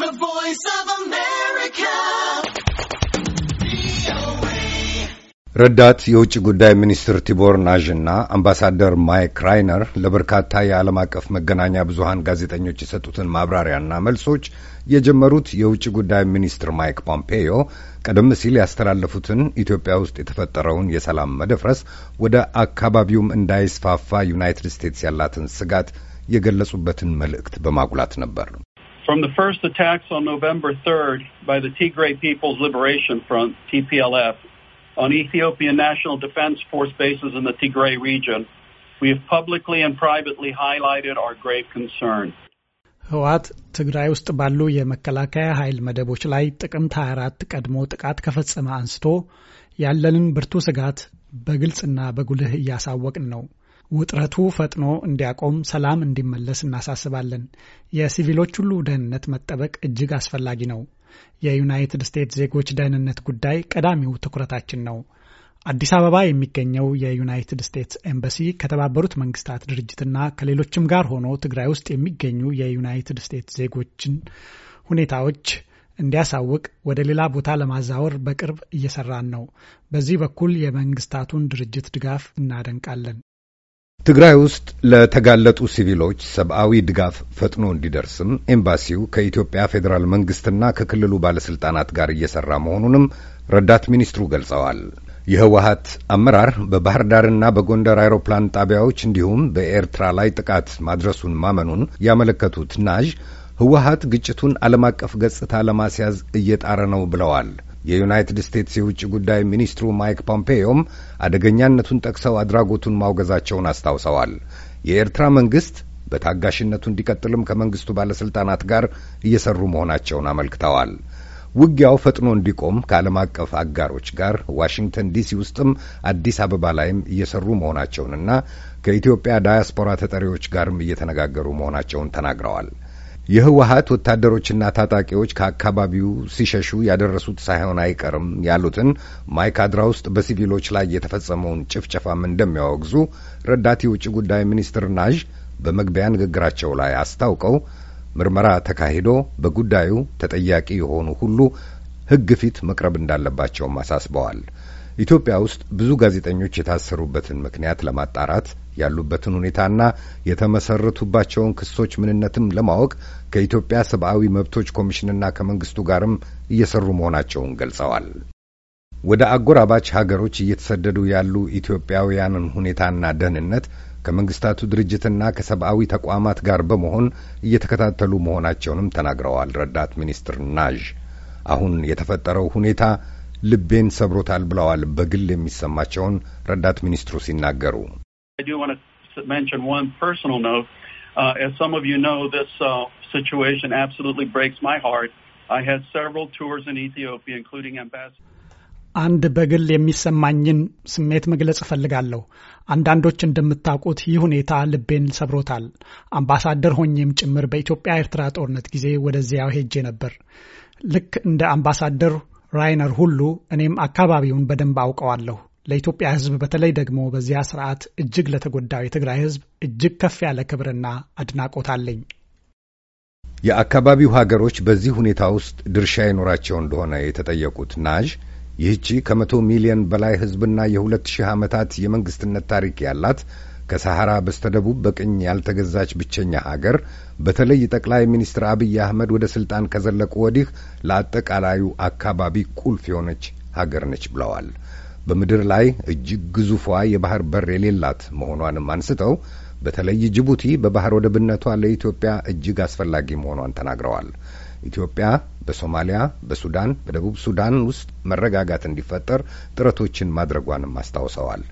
The Voice of America. ረዳት የውጭ ጉዳይ ሚኒስትር ቲቦር ናዥ እና አምባሳደር ማይክ ራይነር ለበርካታ የዓለም አቀፍ መገናኛ ብዙሃን ጋዜጠኞች የሰጡትን ማብራሪያና መልሶች የጀመሩት የውጭ ጉዳይ ሚኒስትር ማይክ ፖምፔዮ ቀደም ሲል ያስተላለፉትን ኢትዮጵያ ውስጥ የተፈጠረውን የሰላም መደፍረስ ወደ አካባቢውም እንዳይስፋፋ ዩናይትድ ስቴትስ ያላትን ስጋት የገለጹበትን መልእክት በማጉላት ነበር። From the first attacks on November 3rd by the Tigray People's Liberation Front, TPLF, on Ethiopian National Defense Force bases in the Tigray region, we have publicly and privately highlighted our grave concern. ህወሓት ትግራይ ውስጥ ባሉ የመከላከያ ኃይል መደቦች ላይ ጥቅምት 24 ቀድሞ ጥቃት ከፈጸመ አንስቶ ያለንን ብርቱ ስጋት በግልጽና በጉልህ እያሳወቅን ነው። ውጥረቱ ፈጥኖ እንዲያቆም፣ ሰላም እንዲመለስ እናሳስባለን። የሲቪሎች ሁሉ ደህንነት መጠበቅ እጅግ አስፈላጊ ነው። የዩናይትድ ስቴትስ ዜጎች ደህንነት ጉዳይ ቀዳሚው ትኩረታችን ነው። አዲስ አበባ የሚገኘው የዩናይትድ ስቴትስ ኤምባሲ ከተባበሩት መንግስታት ድርጅትና ከሌሎችም ጋር ሆኖ ትግራይ ውስጥ የሚገኙ የዩናይትድ ስቴትስ ዜጎችን ሁኔታዎች እንዲያሳውቅ ወደ ሌላ ቦታ ለማዛወር በቅርብ እየሰራን ነው። በዚህ በኩል የመንግስታቱን ድርጅት ድጋፍ እናደንቃለን። ትግራይ ውስጥ ለተጋለጡ ሲቪሎች ሰብአዊ ድጋፍ ፈጥኖ እንዲደርስም ኤምባሲው ከኢትዮጵያ ፌዴራል መንግስትና ከክልሉ ባለስልጣናት ጋር እየሰራ መሆኑንም ረዳት ሚኒስትሩ ገልጸዋል። የህወሀት አመራር በባህር ዳርና በጎንደር አይሮፕላን ጣቢያዎች እንዲሁም በኤርትራ ላይ ጥቃት ማድረሱን ማመኑን ያመለከቱት ናዥ ህወሀት ግጭቱን ዓለም አቀፍ ገጽታ ለማስያዝ እየጣረ ነው ብለዋል። የዩናይትድ ስቴትስ የውጭ ጉዳይ ሚኒስትሩ ማይክ ፖምፔዮም አደገኛነቱን ጠቅሰው አድራጎቱን ማውገዛቸውን አስታውሰዋል። የኤርትራ መንግስት በታጋሽነቱ እንዲቀጥልም ከመንግስቱ ባለስልጣናት ጋር እየሰሩ መሆናቸውን አመልክተዋል። ውጊያው ፈጥኖ እንዲቆም ከዓለም አቀፍ አጋሮች ጋር ዋሽንግተን ዲሲ ውስጥም አዲስ አበባ ላይም እየሰሩ መሆናቸውንና ከኢትዮጵያ ዳያስፖራ ተጠሪዎች ጋርም እየተነጋገሩ መሆናቸውን ተናግረዋል። የህወሀት ወታደሮችና ታጣቂዎች ከአካባቢው ሲሸሹ ያደረሱት ሳይሆን አይቀርም ያሉትን ማይካድራ ውስጥ በሲቪሎች ላይ የተፈጸመውን ጭፍጨፋም እንደሚያወግዙ ረዳት የውጭ ጉዳይ ሚኒስትር ናዥ በመግቢያ ንግግራቸው ላይ አስታውቀው ምርመራ ተካሂዶ በጉዳዩ ተጠያቂ የሆኑ ሁሉ ሕግ ፊት መቅረብ እንዳለባቸውም አሳስበዋል። ኢትዮጵያ ውስጥ ብዙ ጋዜጠኞች የታሰሩበትን ምክንያት ለማጣራት ያሉበትን ሁኔታና የተመሰረቱባቸውን ክሶች ምንነትም ለማወቅ ከኢትዮጵያ ሰብአዊ መብቶች ኮሚሽንና ከመንግስቱ ጋርም እየሰሩ መሆናቸውን ገልጸዋል። ወደ አጎራባች ሀገሮች እየተሰደዱ ያሉ ኢትዮጵያውያንን ሁኔታና ደህንነት ከመንግስታቱ ድርጅትና ከሰብአዊ ተቋማት ጋር በመሆን እየተከታተሉ መሆናቸውንም ተናግረዋል። ረዳት ሚኒስትር ናዥ አሁን የተፈጠረው ሁኔታ ልቤን ሰብሮታል ብለዋል በግል የሚሰማቸውን ረዳት ሚኒስትሩ ሲናገሩ። uh, uh, አንድ በግል የሚሰማኝን ስሜት መግለጽ እፈልጋለሁ። አንዳንዶች እንደምታውቁት ይህ ሁኔታ ልቤን ሰብሮታል። አምባሳደር ሆኜም ጭምር በኢትዮጵያ ኤርትራ ጦርነት ጊዜ ወደዚያው ሄጄ ነበር። ልክ እንደ አምባሳደር ራይነር ሁሉ እኔም አካባቢውን በደንብ አውቀዋለሁ። ለኢትዮጵያ ሕዝብ በተለይ ደግሞ በዚያ ስርዓት እጅግ ለተጎዳው የትግራይ ሕዝብ እጅግ ከፍ ያለ ክብርና አድናቆት አለኝ። የአካባቢው ሀገሮች በዚህ ሁኔታ ውስጥ ድርሻ ይኖራቸው እንደሆነ የተጠየቁት ናዥ ይህቺ ከመቶ ሚሊዮን በላይ ሕዝብና የሁለት ሺህ ዓመታት የመንግሥትነት ታሪክ ያላት ከሰሐራ በስተደቡብ በቅኝ ያልተገዛች ብቸኛ ሀገር በተለይ ጠቅላይ ሚኒስትር አብይ አህመድ ወደ ስልጣን ከዘለቁ ወዲህ ለአጠቃላዩ አካባቢ ቁልፍ የሆነች ሀገር ነች ብለዋል። በምድር ላይ እጅግ ግዙፏ የባህር በር የሌላት መሆኗንም አንስተው በተለይ ጅቡቲ በባህር ወደብነቷ ለኢትዮጵያ እጅግ አስፈላጊ መሆኗን ተናግረዋል። ኢትዮጵያ በሶማሊያ፣ በሱዳን፣ በደቡብ ሱዳን ውስጥ መረጋጋት እንዲፈጠር ጥረቶችን ማድረጓንም አስታውሰዋል።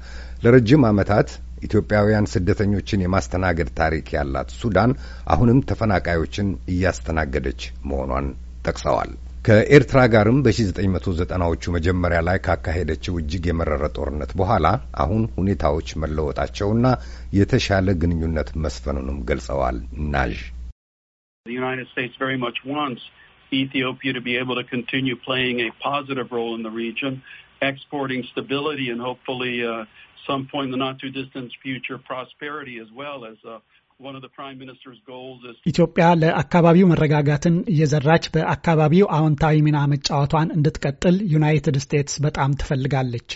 ለረጅም ዓመታት ኢትዮጵያውያን ስደተኞችን የማስተናገድ ታሪክ ያላት ሱዳን አሁንም ተፈናቃዮችን እያስተናገደች መሆኗን ጠቅሰዋል። ከኤርትራ ጋርም በ1990ዎቹ መጀመሪያ ላይ ካካሄደችው እጅግ የመረረ ጦርነት በኋላ አሁን ሁኔታዎች መለወጣቸውና የተሻለ ግንኙነት መስፈኑንም ገልጸዋል። ናዥ ኢትዮጵያ to be able to continue playing a positive some point in the not too distant future prosperity as well as uh, ኢትዮጵያ ለአካባቢው መረጋጋትን እየዘራች በአካባቢው አዎንታዊ ሚና መጫወቷን እንድትቀጥል ዩናይትድ ስቴትስ በጣም ትፈልጋለች።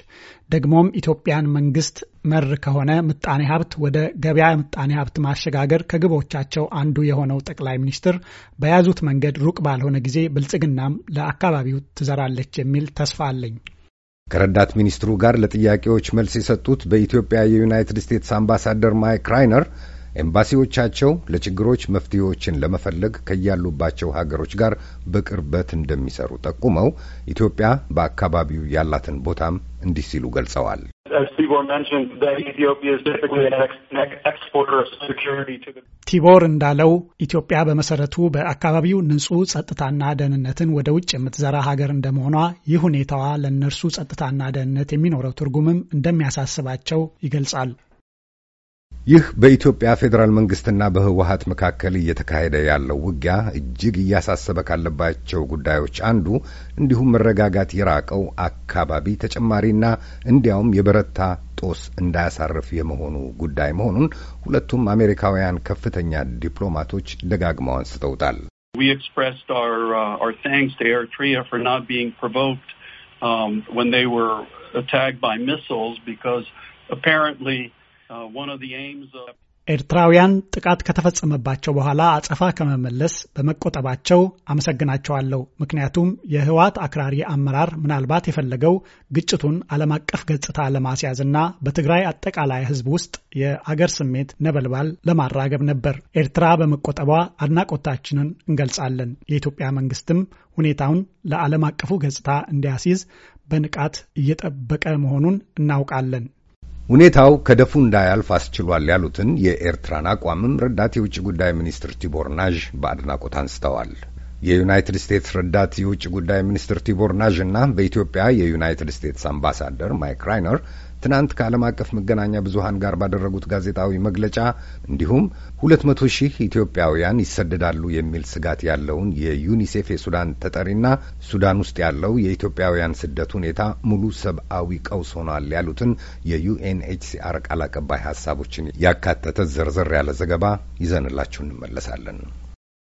ደግሞም ኢትዮጵያን መንግስት መር ከሆነ ምጣኔ ሀብት ወደ ገበያ ምጣኔ ሀብት ማሸጋገር ከግቦቻቸው አንዱ የሆነው ጠቅላይ ሚኒስትር በያዙት መንገድ ሩቅ ባልሆነ ጊዜ ብልጽግናም ለአካባቢው ትዘራለች የሚል ተስፋ አለኝ። ከረዳት ሚኒስትሩ ጋር ለጥያቄዎች መልስ የሰጡት በኢትዮጵያ የዩናይትድ ስቴትስ አምባሳደር ማይክ ራይነር ኤምባሲዎቻቸው ለችግሮች መፍትሄዎችን ለመፈለግ ከያሉባቸው ሀገሮች ጋር በቅርበት እንደሚሰሩ ጠቁመው ኢትዮጵያ በአካባቢው ያላትን ቦታም እንዲህ ሲሉ ገልጸዋል። ቲቦር እንዳለው ኢትዮጵያ በመሰረቱ በአካባቢው ንጹህ ጸጥታና ደህንነትን ወደ ውጭ የምትዘራ ሀገር እንደመሆኗ ይህ ሁኔታዋ ለእነርሱ ጸጥታና ደህንነት የሚኖረው ትርጉምም እንደሚያሳስባቸው ይገልጻል። ይህ በኢትዮጵያ ፌዴራል መንግስትና በህወሀት መካከል እየተካሄደ ያለው ውጊያ እጅግ እያሳሰበ ካለባቸው ጉዳዮች አንዱ እንዲሁም መረጋጋት የራቀው አካባቢ ተጨማሪና እንዲያውም የበረታ ጦስ እንዳያሳርፍ የመሆኑ ጉዳይ መሆኑን ሁለቱም አሜሪካውያን ከፍተኛ ዲፕሎማቶች ደጋግመው አንስተውታል። We Uh, ኤርትራውያን ጥቃት ከተፈጸመባቸው በኋላ አጸፋ ከመመለስ በመቆጠባቸው አመሰግናቸዋለሁ። ምክንያቱም የህወሓት አክራሪ አመራር ምናልባት የፈለገው ግጭቱን ዓለም አቀፍ ገጽታ ለማስያዝ እና በትግራይ አጠቃላይ ህዝብ ውስጥ የአገር ስሜት ነበልባል ለማራገብ ነበር። ኤርትራ በመቆጠቧ አድናቆታችንን እንገልጻለን። የኢትዮጵያ መንግስትም ሁኔታውን ለዓለም አቀፉ ገጽታ እንዲያስይዝ በንቃት እየጠበቀ መሆኑን እናውቃለን። ሁኔታው ከደፉ እንዳያልፍ አስችሏል ያሉትን የኤርትራን አቋምም ረዳት የውጭ ጉዳይ ሚኒስትር ቲቦር ናዥ በአድናቆት አንስተዋል። የዩናይትድ ስቴትስ ረዳት የውጭ ጉዳይ ሚኒስትር ቲቦር ናዥ እና በኢትዮጵያ የዩናይትድ ስቴትስ አምባሳደር ማይክ ራይነር ትናንት ከዓለም አቀፍ መገናኛ ብዙሃን ጋር ባደረጉት ጋዜጣዊ መግለጫ እንዲሁም ሁለት መቶ ሺህ ኢትዮጵያውያን ይሰደዳሉ የሚል ስጋት ያለውን የዩኒሴፍ የሱዳን ተጠሪና ሱዳን ውስጥ ያለው የኢትዮጵያውያን ስደት ሁኔታ ሙሉ ሰብአዊ ቀውስ ሆኗል ያሉትን የዩኤንኤችሲአር ቃል አቀባይ ሀሳቦችን ያካተተ ዘርዘር ያለ ዘገባ ይዘንላችሁ እንመለሳለን።